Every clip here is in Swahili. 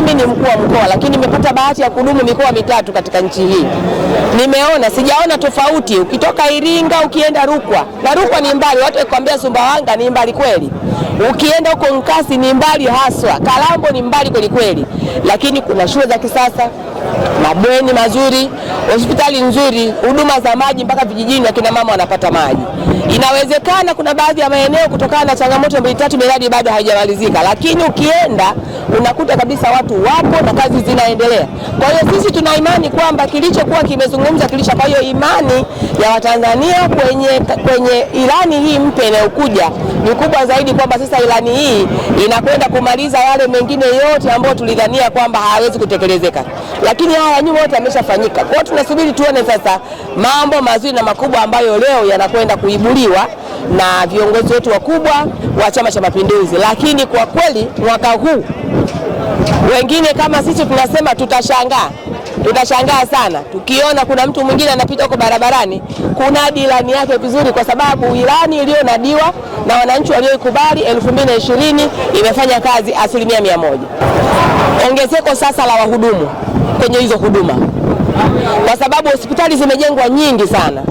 mimi ni mkuu wa mkoa, lakini nimepata bahati ya kudumu mikoa mitatu katika nchi hii. Nimeona, sijaona tofauti ukitoka Iringa ukienda Rukwa, na Rukwa ni mbali, watu wakikwambia Sumbawanga ni mbali kweli, ukienda huko Nkasi ni mbali haswa, Kalambo ni mbali kweli kweli, lakini kuna shule za kisasa mabweni mazuri, hospitali nzuri, huduma za maji mpaka vijijini, akina mama wanapata maji. Inawezekana kuna baadhi ya maeneo kutokana na changamoto mbili tatu, miradi bado haijamalizika, lakini ukienda unakuta kabisa watu wapo na kazi zinaendelea. Kwa hiyo sisi tuna imani kwamba kilichokuwa kimezungumza kilicho, Kwa hiyo imani ya Watanzania kwenye, kwenye ilani hii mpya inayokuja ni kubwa zaidi, kwamba sasa ilani hii inakwenda kumaliza yale mengine yote ambayo tulidhania kwamba hayawezi kutekelezeka, lakini haya nyuma yote yameshafanyika. Kwa hiyo tunasubiri tuone sasa mambo mazuri na makubwa ambayo leo yanakwenda kuibu kuchukuliwa na viongozi wetu wakubwa wa Chama cha Mapinduzi, lakini kwa kweli mwaka huu wengine kama sisi tunasema tutashangaa tutashangaa sana tukiona kuna mtu mwingine anapita huko barabarani kunadi ilani yake vizuri, kwa sababu ilani iliyonadiwa na wananchi walioikubali 2020 imefanya kazi asilimia mia moja. Ongezeko sasa la wahudumu kwenye hizo huduma, kwa sababu hospitali zimejengwa nyingi sana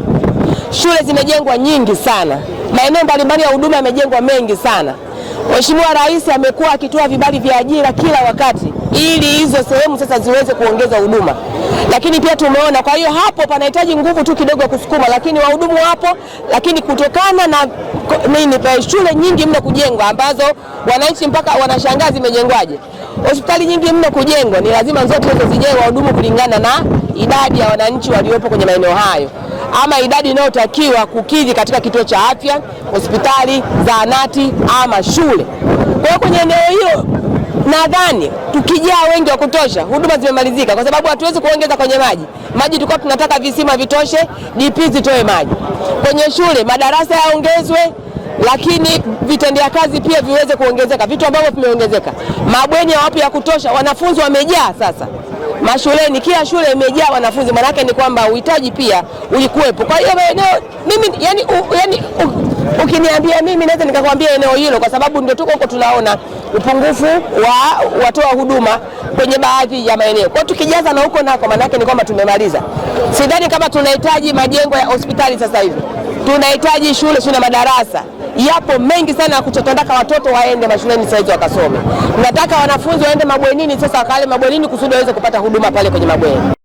Shule zimejengwa nyingi sana, maeneo mbalimbali ya huduma yamejengwa mengi sana. Mheshimiwa Rais amekuwa akitoa vibali vya ajira kila wakati ili hizo sehemu sasa ziweze kuongeza huduma, lakini pia tumeona. Kwa hiyo hapo panahitaji nguvu tu kidogo ya kusukuma, lakini wahudumu wapo, lakini kutokana na nini, shule nyingi mno kujengwa ambazo wananchi mpaka wanashangaa zimejengwaje. Hospitali nyingi mno kujengwa, ni lazima zote hizo zijengwe wahudumu kulingana na idadi ya wananchi waliopo kwenye maeneo hayo ama idadi inayotakiwa kukidhi katika kituo cha afya, hospitali, zahanati ama shule. Kwa hiyo kwenye eneo hilo nadhani tukijaa wengi wa kutosha, huduma zimemalizika, kwa sababu hatuwezi kuongeza kwenye maji. Maji tulikuwa tunataka visima vitoshe, DP zitoe maji. Kwenye shule madarasa yaongezwe, lakini vitendea kazi pia viweze kuongezeka, vitu ambavyo vimeongezeka. Mabweni yawapo ya kutosha, wanafunzi wamejaa sasa mashuleni, kila shule imejaa wanafunzi, maanake ni kwamba uhitaji pia ulikuwepo. Kwa hiyo maeneo mimi yani, u, yani u, ukiniambia mimi naweza nikakwambia eneo hilo, kwa sababu ndio tuko huko, tunaona upungufu wa watoa huduma kwenye baadhi ya maeneo. Kwa tukijaza na huko nako, maanake ni kwamba tumemaliza. Sidhani kama tunahitaji majengo ya hospitali sasa hivi, tunahitaji shule, shule na madarasa yapo mengi sana ya kuchotondaka. Watoto waende mashuleni saizi wakasome, nataka wanafunzi waende mabwenini sasa, wakale mabwenini kusudi waweze kupata huduma pale kwenye mabweni.